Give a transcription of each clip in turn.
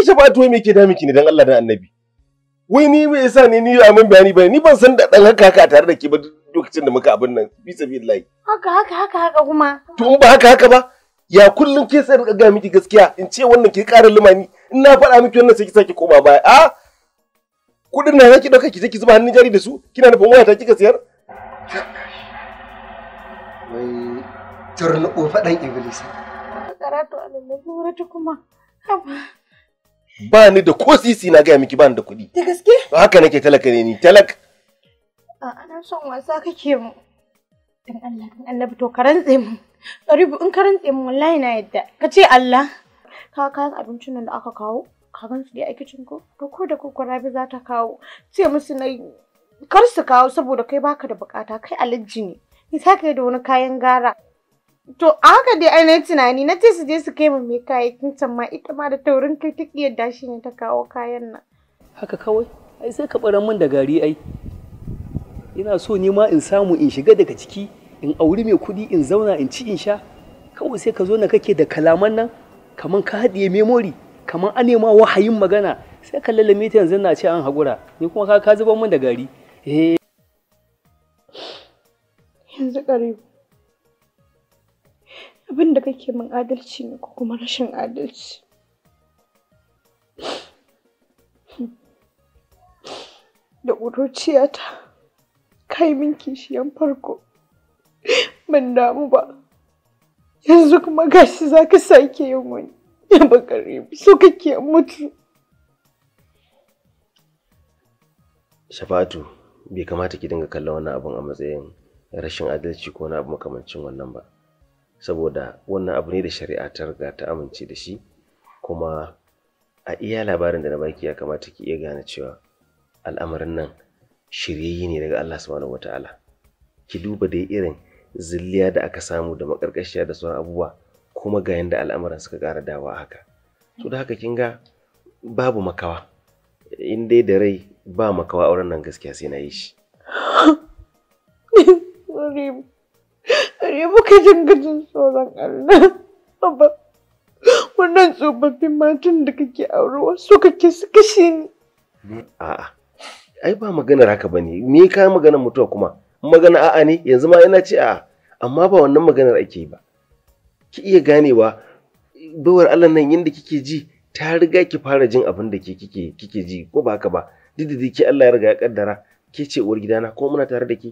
ke ba tuwai me ke da miki ne dan Allah dan Annabi wai ni me yasa ne ni a mun bayani ba ni ban san da dan haka haka tare da ke ba lokacin da muka abin nan bi sabilillahi haka haka haka haka kuma to in ba haka haka ba ya kullum ke sai ga miki gaskiya in ce wannan ke ƙara limani in na faɗa miki wannan sai ki sake koma baya a kuɗin na zaki ɗauka ki je ki zuba hannun jari da su kina nufin waya ta kika siyar wai turnuɓo faɗan iblisa karatu a lallabi wurata kuma haba ba ni da ko sisi na gaya miki ba ni da kuɗi da gaske haka nake talaka ne ni talak a ana son wasa kake mu dan Allah dan Allah to karantse mu Ɗaribu in karantse mu wallahi na yadda ka ce Allah ka kayan abincin nan da aka kawo ka gan su dai a kicin ko to ko da kuka rabi za ta kawo ce musu na kar su kawo saboda kai baka da bukata kai alaji ne ni saka da wani kayan gara To a haka dai ainihin tunani na ce su je su kai mu mai kayakin can ma ita ma da taurin kai ta iya dashi ne ta kawo kayan nan. Haka kawai ai sai ka ɓaran min da gari ai. Ina so ni ma in samu in shiga daga ciki in auri mai kuɗi in zauna in ci in sha kawai sai ka zo na kake da kalaman nan kamar ka haɗiye memori kamar an nema wahayin magana sai ka lalame ta yanzu na ce an haƙura ni kuma ka zuba min da gari. Eh. Yanzu ƙarfi. abin da kake min adalci ne ko kuma rashin adalci da ƙuruciyata kai min kishiyan farko ban damu ba yanzu kuma gashi za ka sake yin wani ya bakare so kake mutu shafatu bai kamata ki dinga kallon wannan abun a matsayin rashin adalci ko wani abu makamancin wannan ba saboda wannan abu ne da shari'a ta riga ta amince da shi kuma a iya labarin da na baki ya kamata ki iya gane cewa al'amarin nan shiryayye ne daga Allah subhanahu wataala ki duba dai irin zilliya da aka samu da makarkashiya da sauran abubuwa kuma ga yanda al'amuran suka kara dawa haka to da haka kin ga babu makawa in dai da rai ba makawa auren nan gaskiya sai na yi shi Ni muka dinga jin tsoron Allah. Abba, wannan tsofaffin matan da kake aure wasu kake su kashe ni. A'a, ai ba maganar haka ba ne, me ka maganar mutuwa kuma? Magana a'a ne, yanzu ma yana ce a'a, amma ba wannan maganar ake yi ba. Ki iya ganewa, bawar Allah nan yadda kike ji, ta riga ki fara jin abin da ke kike ji ko ba haka ba. Duk da ke Allah ya riga ya kaddara, ke ce uwar gidana ko muna tare da ke.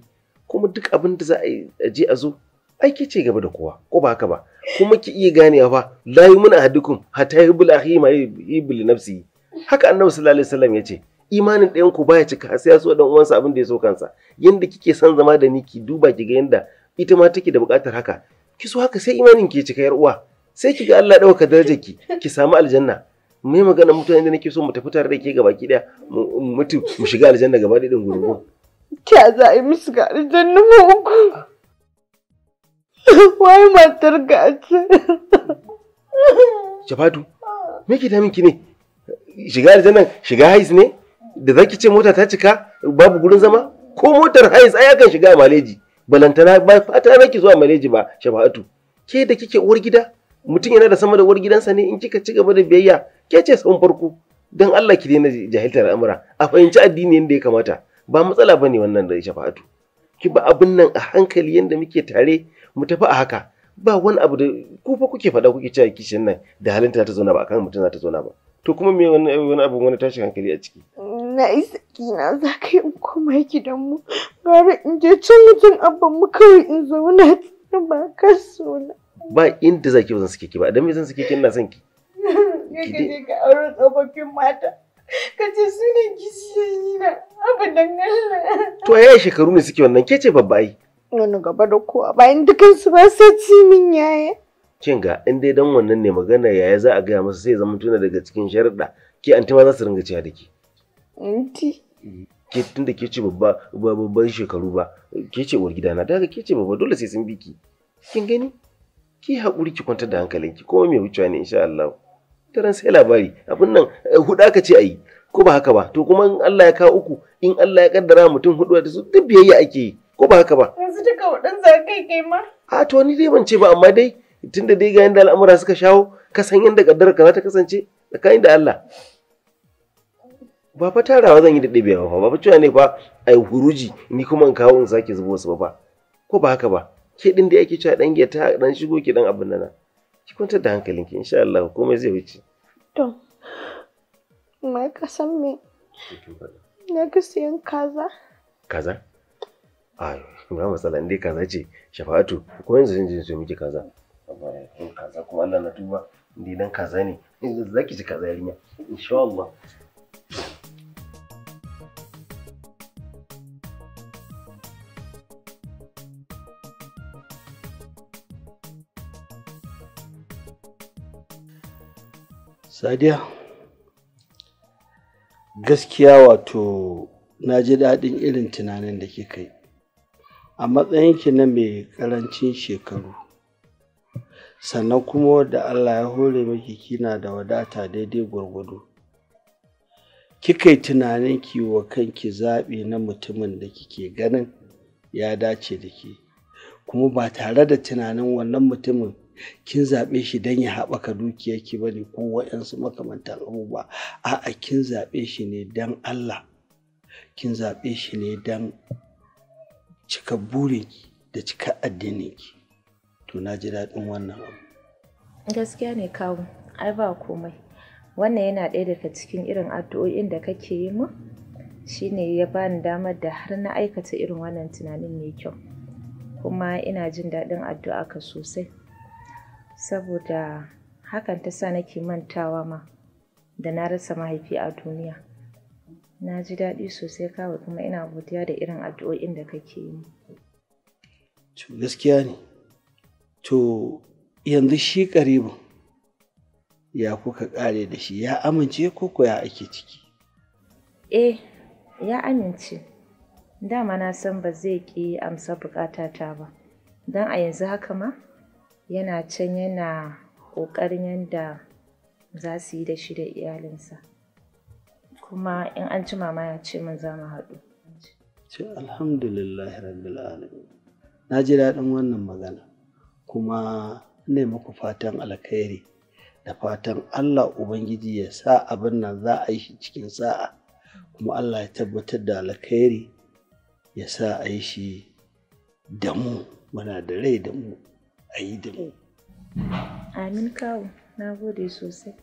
kuma duk abin da za a je a zo aiki ce gaba da kowa ko ba haka ba kuma ki iya ganewa ba la yumin ahadukum hatta bula ahi ma yi bula nafsi haka annabi sallallahu alaihi wasallam ce, imanin ɗayan ku baya cika sai ya so dan uwansa abin da ya so kansa yanda kike san zama da ni ki duba ki ga yanda ita ma take da buƙatar haka ki so haka sai imanin ki cika yar uwa sai ki ga Allah ɗauka darajar ki ki samu aljanna mai magana mutane da nake so mu tafi tare da ke gaba ki daya mu mutu mu shiga aljanna gaba da ɗin gurgun ta za a yi musu ga don mu uku wai matar gace Shafatu me ke damin ne shiga aljanna shiga hais ne da zaki ce mota ta cika babu gurin zama ko motar hais ai yakan shiga maleji balantana ba fata nake zuwa maleji ba Shafatu ke da kike uwar gida mutum yana da sama da uwar gidansa ne in kika ci gaba da biyayya ke ce sun farko don Allah ki daina jahiltar al'amura a fahimci addini yadda ya kamata ba matsala bane wannan da shafa'atu ki ba abin nan a hankali yanda muke tare mu tafi a haka ba wani abu da ku fa kuke faɗa kuke cewa kishin nan da halin ta zauna ba akan mutum za ta zauna ba to kuma me wani wani abu wani tashin hankali a ciki na isa kina za ka yi koma dan mu gara in je can wajen abban mu kawai in zauna ba ka so ba inda zaki ki zan suke ki ba idan me zan suke ki ina son ki ka je ka aure tsofaffin mata ka ce su ne gishiyoyi na abin da to yaya shekaru ne suke wannan kece babba ai wani gaba da kowa bayan dukan su ba sai ci min yaya kin ga in dai dan wannan ne magana yaya za a gaya masa sai zama tuna daga cikin sharuɗa ke anti ma za su ringa ciya da ke anti ke tunda ke ce babba babban shekaru ba ke ce uwar gidana daga ke ce babba dole sai sun biki kin gani ki haƙuri ki kwantar da hankalinki kuma mai wucewa ne insha Allah daren sai labari abin nan eh, hudu aka ce a yi ko ba haka ba to kuma in Allah ya kawo uku in Allah ya kaddara mutum hudu da su duk biyayya ake yi ko ba haka ba yanzu duka hudun za kai kai ma a to ni dai ban ce ba amma dai tunda dai ga yanda al'amura suka shawo ka san yanda kaddara ka za ta kasance tsakanin da Allah ba fa tarawa zan yi da ɗabiya ba ba cewa ne fa ai huruji ni kuma in kawo in sake zubo su ba ko ba haka ba ke din da ake cewa dan ta dan shigo ki dan abin nan ki kwantar da hankalinki insha Allah komai zai wuce to mai ka san me na ga siyan kaza kaza Ai, ba matsala in dai kaza ce shafa'atu ko yanzu zan je su miki kaza amma kaza kuma Allah na duba in dai dan kaza ne in zaki ci kaza yarinya insha Allah sadiya gaskiya wato na ji daɗin irin tunanin da kika yi a matsayinki na mai ƙarancin shekaru sannan kuma da allah ya hore maki kina da wadata daidai gwargwado kika yi tunanin ki wa kanki zaɓi na mutumin da kike ganin ya dace da ke kuma ba tare da tunanin wannan mutumin kin zaɓe shi don ya haɓaka dukiyarki ba ne ko wa'yansu makamantan abubuwa a'a kin zaɓe shi ne don Allah kin zaɓe shi ne don cika burinki da cika addininki to na ji daɗin wannan abu gaskiya ne kawo ai ba komai wannan yana ɗaya daga cikin irin addu'o'in da kake yi mu ne ya bani damar da har na aikata irin wannan tunanin mai kyau kuma ina jin daɗin addu'a ka sosai saboda hakan ta sa nake mantawa ma da na rasa mahaifi a duniya na ji daɗi sosai kawai kuma ina godiya da irin addu'o'in da kake yi to gaskiya ne to yanzu shi karibin ya kuka ƙare da shi ya amince ko ko ya ake ciki eh ya amince dama na san ba zai ƙi amsa bukatata ba don a yanzu haka ma yana can yana ƙoƙarin yadda za su yi da shi da iyalinsa kuma in an ci mama ya ce min za mu haɗu ce alhamdulillah rabbil alamin na ji daɗin wannan magana kuma ne muku fatan alkhairi da fatan Allah Ubangiji ya sa abin nan za a yi shi cikin sa'a kuma Allah ya tabbatar da alkhairi ya sa a yi shi da mu muna da rai da mu a yi da mu. Eh. Amin kawo, na gode sosai.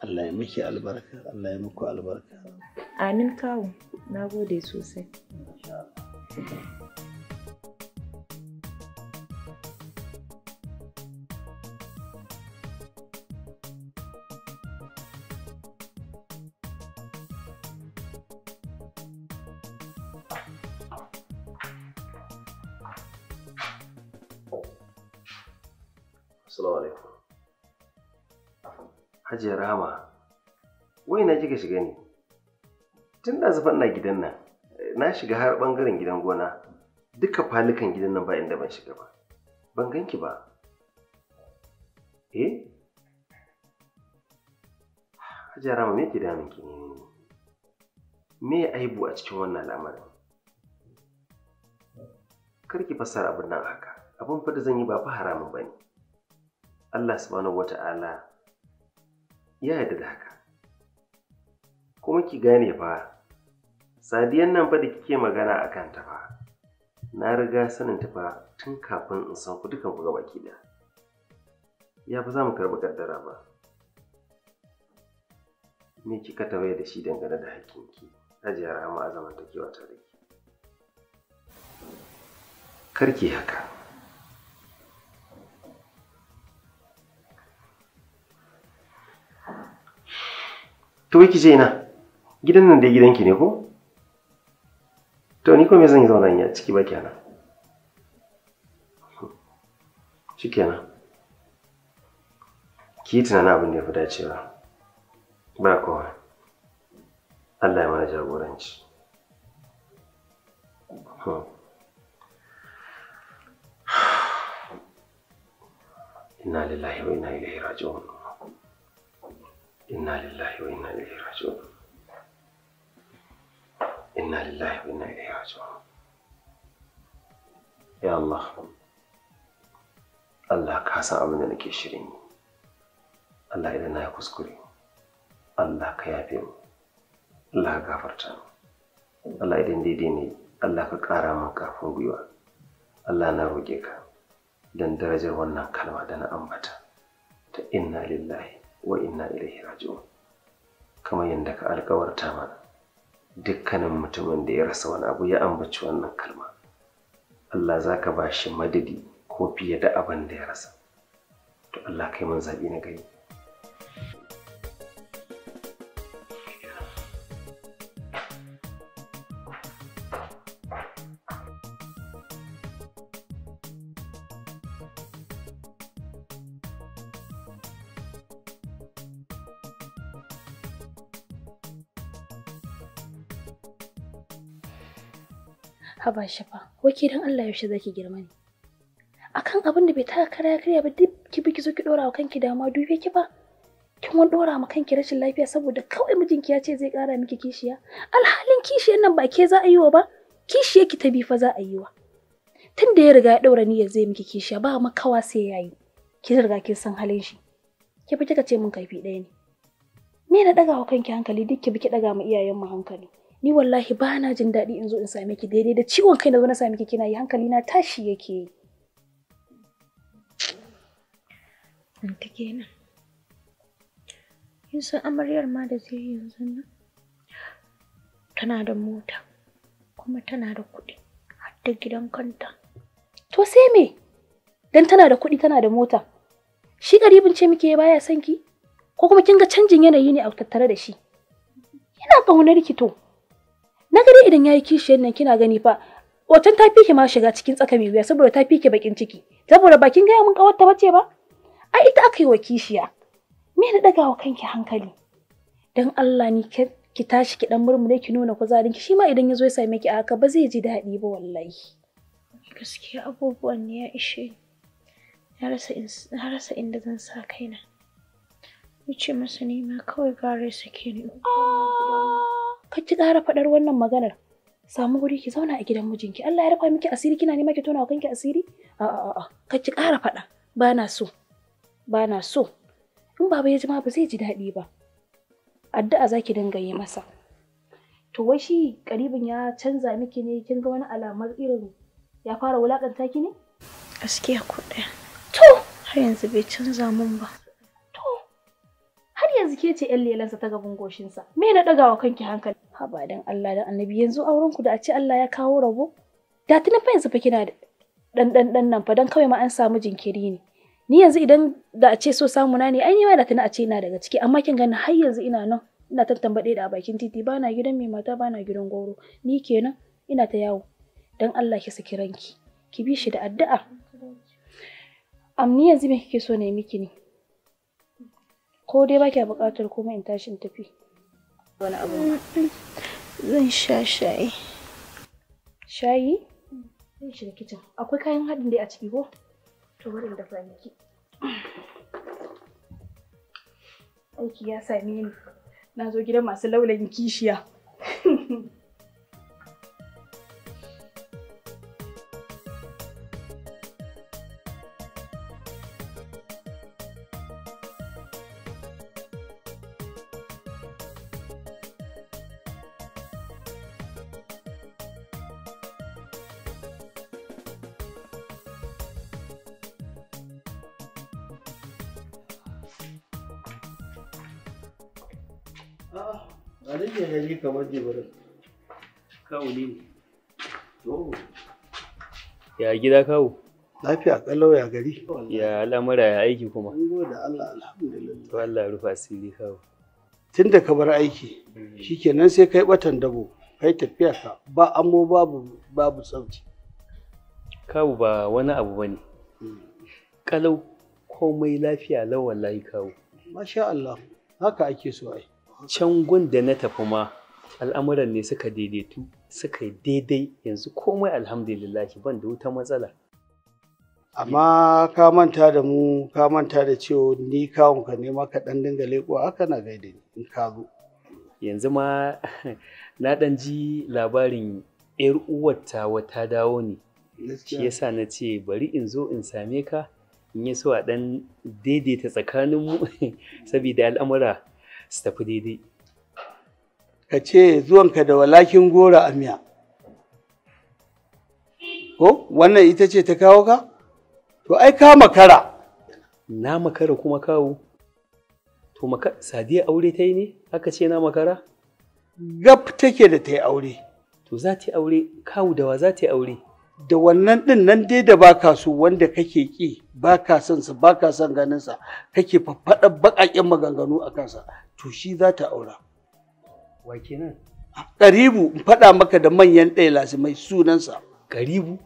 Allah ya miki albarka, Allah ya muku albarka. Amin kawo, na gode sosai. Hajiya wai na kika shiga ne? Tun da zufan na gidan nan, na shiga har ɓangaren gidan gona, duka falukan gidan nan ba inda ban shiga ba. Ban ganki ba. Eh? Hajiya Rahama me ke damun ki ne? Me aibu a cikin wannan al'amarin? Kar ki fassara abin nan haka. Abin fa da zan yi ba fa haramun ba ne. Allah subhanahu wa ta'ala ya yarda da haka kuma ki gane fa sadiyan nan fa da kike magana a kanta fa na riga sanin ta fa tun kafin in san ku dukan ku gaba ki da ya fi za mu karɓi kaddara ba me kika tawaye da shi dangane da hakkinki hajiya rahama a zamantakewa tare ki karki haka to wai ki je na, gidan nan dai gidanki ne ko to ni ko me zan yi zauna in ciki ba kenan shikenan ki yi tunanin abin da ya fi cewa ba kowa Allah ya mana jagoranci inna lillahi wa inna ilaihi raji'un inna lillahi wa inna ilaihi raji'un inna lillahi wa inna ilaihi raji'un ya Allah Allah ka san abin da nake shirin yi Allah idan na kuskure Allah ka yafe mu Allah ka gafarta mu Allah idan daidai ne Allah ka ƙara min kafin gwiwa Allah na roƙe ka don darajar wannan kalma da na ambata ta inna lillahi wa inna ilaihi raji'un kamar yadda ka alkawarta ma dukkanin mutumin da ya rasa wani abu ya ambaci wannan kalma Allah za ka ba shi madadi ko fiye da abin da ya rasa to Allah kai mun zaɓi na gani haba shafa waki dan Allah yaushe zaki girma ne akan abin da bai taka kara ya karya ba duk ki bi ki zo ki dora wa kanki dama dube ki ba kin wani dora ma kanki rashin lafiya saboda kawai mijinki ya ce zai kara miki kishiya alhalin kishiyar nan ba ke za a yi wa ba kishiyar ki ta bi fa za a yi wa Tunda ya riga ya daura niyyar zai miki kishiya ba makawa sai yayi Ki riga kin san halin shi ki fi kika ce mun kaifi ɗaya ne me na daga wa kanki hankali duk ki bi daga ma iyayen mu hankali ni wallahi ba na jin daɗi in zo in same ki daidai da ciwon kai na zo na same ki kina yi hankali na tashi yake yi Anta kenan. Kin san amaryar ma da zai yanzu nan? Tana da mota kuma tana da kuɗi har da gidan kanta. To sai me? Dan tana da kuɗi tana da mota. Shi garibin ce muke baya son ki? Ko kuma kin ga canjin yanayi ne a tattare da shi? Ina ƙaunar ki to. na gari idan yayi kishiyar nan kina gani fa hoton ta fike ma shiga cikin tsaka mai wuya saboda ta fike bakin ciki saboda bakin gaya mun kawar ta bace ba ai ita aka yi wa kishiya me na daga wa kanki hankali dan Allah ni ki tashi ki dan murmure ki nuna kuzarin ki shi ma idan yazo ya same ki a haka ba zai ji daɗi ba wallahi gaskiya abubuwan ne ya ishe na rasa na inda zan sa kaina ce masa nema kawai gare sake ni ah! kar ki ƙara faɗar wannan maganar samu wuri ki zauna a gidan mijinki Allah ya rufa miki asiri kina nema ki tona wa kanki asiri a a a kar ki ƙara faɗa ba na so ba na so in baba ya ji ma ba zai ji daɗi ba addu'a zaki dinga yi masa to wai shi karibin ya canza miki ne kin ga wani alamar irin ya fara wulakanta ki ne gaskiya ko ɗaya to har yanzu bai canza mun ba ke ce yan lelansa ta gaban goshinsa me na daga wa kanki hankali haba dan Allah da annabi yanzu aurenku da a ce Allah ya kawo rabo da tuni fa yanzu fa kina da dan dan dan nan fa dan kawai ma an samu jinkiri ne ni yanzu idan da a ce so samu na ne an yi ma da tuni a ce ina daga ciki amma kin gani har yanzu ina nan ina tattambaɗe da a bakin titi bana gidan mai mata bana gidan goro ni kenan ina ta yawo dan Allah ki saki ranki ki bi shi da addu'a amni yanzu me kike so ne miki ne ko dai ba kya buƙatar kuma in tashi in tafi wani abu zan sha shayi shayi zan da kicin akwai kayan haɗin dai a ciki ko to bari in dafa miki aiki ya same ni na zo gidan masu laulayin kishiya a rage ya ji kamar jibirin. ne. Ya gida kawo? Lafiya kalau ya gari. Ya al'amura ya aiki kuma. An gode Allah alhamdulillah. To Allah rufa asiri kawo. Tun da ka bar aiki, shikenan sai kai batan dabo, kai tafiya ka ba amo babu babu tsauci. Kawo ba wani abu bane. Kalau hmm. komai lafiya lawan layi kawo. Masha Allah, haka ake so ai. can gun da na tafi ma al'amuran ne suka daidaitu suka daidai yanzu komai alhamdulillahi ban da wuta matsala amma ka manta da mu ka manta da cewa ni kawun ka ne maka dan dinga leko haka na gaida in ka zo yanzu ma na dan ji labarin yar uwarta wata dawo ne shi yasa na ce bari in zo in same ka in yi so a dan daidaita tsakaninmu saboda al'amura su tafi daidai ka ce zuwanka da walakin gora a miya ko wannan ita ce ta kawo ka to ai ka makara na makara kuma kawo to sadiya aure ta yi ne aka ce na makara gab take da ta yi aure to za ta yi aure kawo da wa za ta yi aure da wannan ɗin nan dai da baka so wanda kake ƙi baka son sa baka son ganin sa kake faffaɗa baƙaƙen maganganu a kansa to shi za ta aura wa kenan karibu in faɗa maka da manyan ɗaya mai sunansa karibu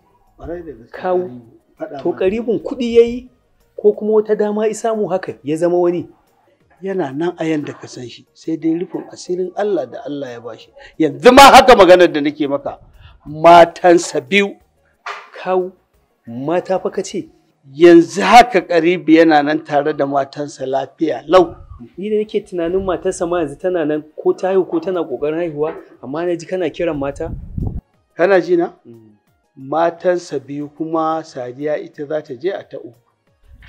to karibun kuɗi yayi ko kuma wata dama samu haka ya zama wani yana nan a yanda ka san shi sai dai rufin asirin Allah da Allah ya bashi yanzu ma haka maganar da nake maka matansa biyu kawo mata ka ce yanzu haka karibi yana nan tare da matansa lafiya lau ni da nake tunanin matarsa ma yanzu tana nan ko ta haihu ko tana kokarin haihuwa amma na ji kana kiran mata kana ji na mm. matansa biyu kuma sadiya ita za ta je a ta uku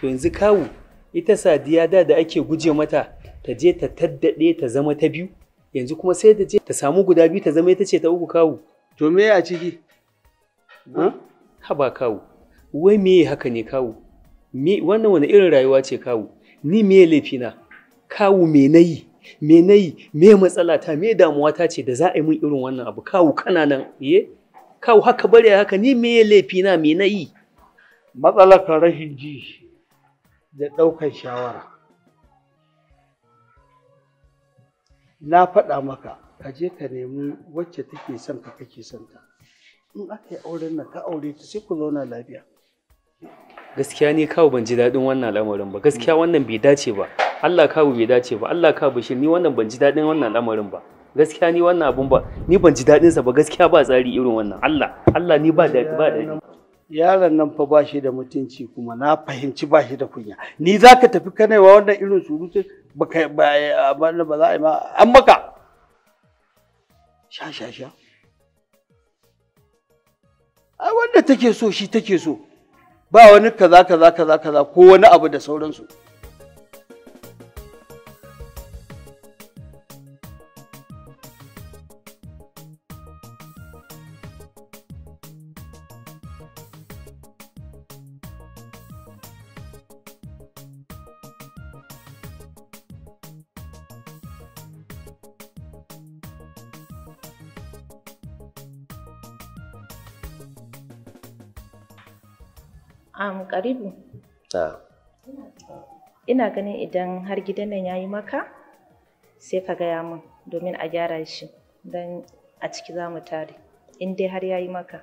to yanzu kawu ita sadiya da da ake guje mata ta je ta taddade ta zama ta biyu yanzu kuma sai ta je ta samu guda biyu ta zama ita ce ta uku kawu to me a ciki haba kawu wai meye haka ne kawu wannan wani irin rayuwa ce kawu ni meye laifina kawu me na yi me na yi me matsala ta me damuwa ta ce da za a yi min irin wannan abu kawu kana nan ye eh? kawu haka bari haka ni me laifina me na yi matsalar ka rashin ji da ɗaukar shawara na faɗa maka ka je ka nemi wacce take son ka kake son ta in aka yi auren nan ka aure ta sai ku zauna lafiya gaskiya ne kawo ban ji daɗin wannan al'amarin ba gaskiya wannan bai dace ba Allah kawo bai dace ba Allah kawo shi ni wannan ban ji daɗin wannan al'amarin ba gaskiya ni wannan abun ba ni ban ji daɗin sa ba gaskiya ba tsari irin wannan Allah Allah ni ba daɗi ba daɗi yaron nan fa ba shi da mutunci kuma na fahimci ba shi da kunya ni za ka tafi kanaiwa wannan irin surutun ba za a yi ma an maka sha sha sha ai wanda take so shi take so ba wani kaza kaza kaza kaza ko wani abu da sauransu Ina ganin idan har gidan nan ya yi maka sai ka gaya min domin a gyara shi don a ciki za mu tare in dai har ya yi maka.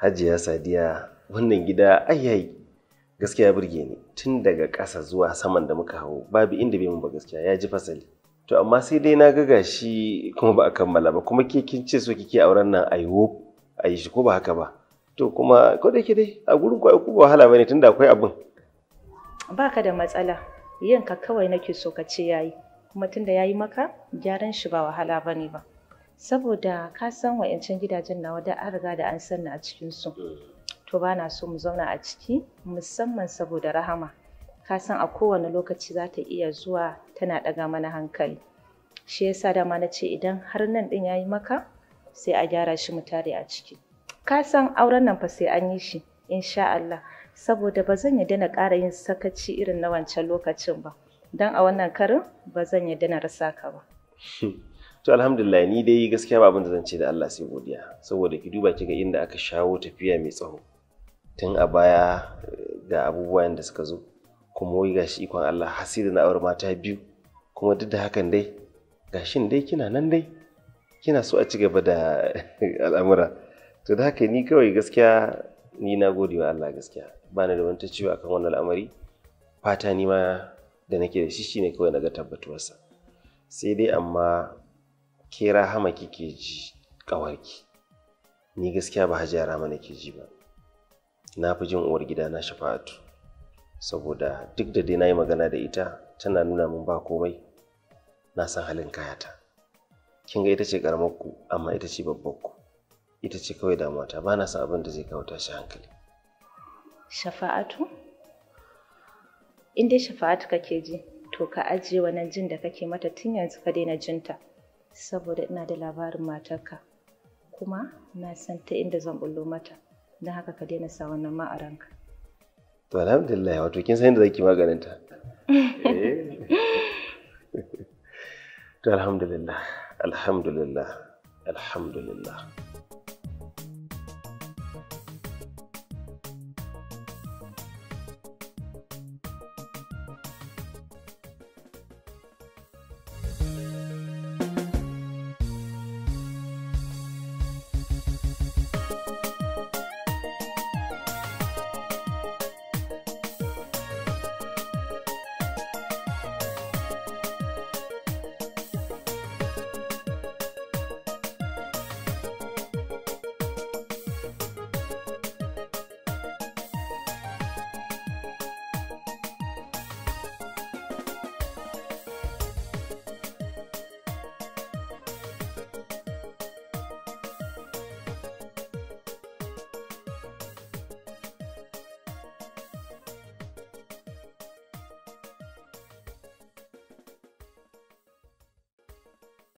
Hajiya Sadiya wannan gida ayayi gaskiya burge ni tun daga ƙasa zuwa saman da muka hau babu inda bai mun ba gaskiya ya ji fasali. To amma sai dai na ga gashi kuma ba a kammala ba kuma ke kin ce so kike auren nan ayi shi ko ba haka ba. to kuma ko da yake dai a gurin ku ku wahala bane tunda akwai abin baka da matsala yanka kawai nake so ka ce yayi kuma tunda yayi maka gyaran shi ba wahala bane ba saboda ka san wa'ancan gidajen nawa da an riga da an sanna a cikin su to ba na so mu zauna a ciki musamman saboda rahama ka san a kowane lokaci za ta iya zuwa tana ɗaga mana hankali shi yasa dama na ce idan har nan ɗin yayi maka sai a gyara shi mu tare a ciki ka san auren nan fa sai an yi shi insha Allah saboda ba zan yarda na ƙara yin sakaci irin na wancan lokacin ba don a wannan karin ba zan yarda na rasa ka ba to alhamdulillah ni dai gaskiya ba abin da zan ce da Allah sai godiya saboda ki duba ki ga inda aka shawo tafiya mai tsawo tun a baya eh, ga abubuwan da suka zo kuma wai gashi ikon Allah hasiri na aure mata biyu kuma duk da hakan dai gashin dai kina nan dai kina so a ci gaba da al'amura to da haka ni kawai gaskiya ni na gode wa Allah gaskiya ba ni da wani ciwo akan wannan al'amari fata ni ma da nake da shi ne kawai na ga tabbatuwarsa sai dai amma ke rahama kike ji kawarki ni gaskiya ba hajiya mana ke ji ba na fi jin uwar gida na shafa'atu saboda duk da dai na yi magana da ita tana nuna min ba komai na san halin kayata kin ga ita ce karamar ku amma ita ce babbar ku ita ce kawai da ba bana san abin da zai kawo tashi hankali shafa'atu in dai shafa'atu kake ji to ka ajiye wannan jin da kake mata tun yanzu ka daina jinta saboda ina da labarin matarka kuma na san ta inda zan bullo mata don haka ka daina sa wannan ma a ranka to alhamdulillah wato kin san inda zaki maganin ta eh. to alhamdulillah alhamdulillah alhamdulillah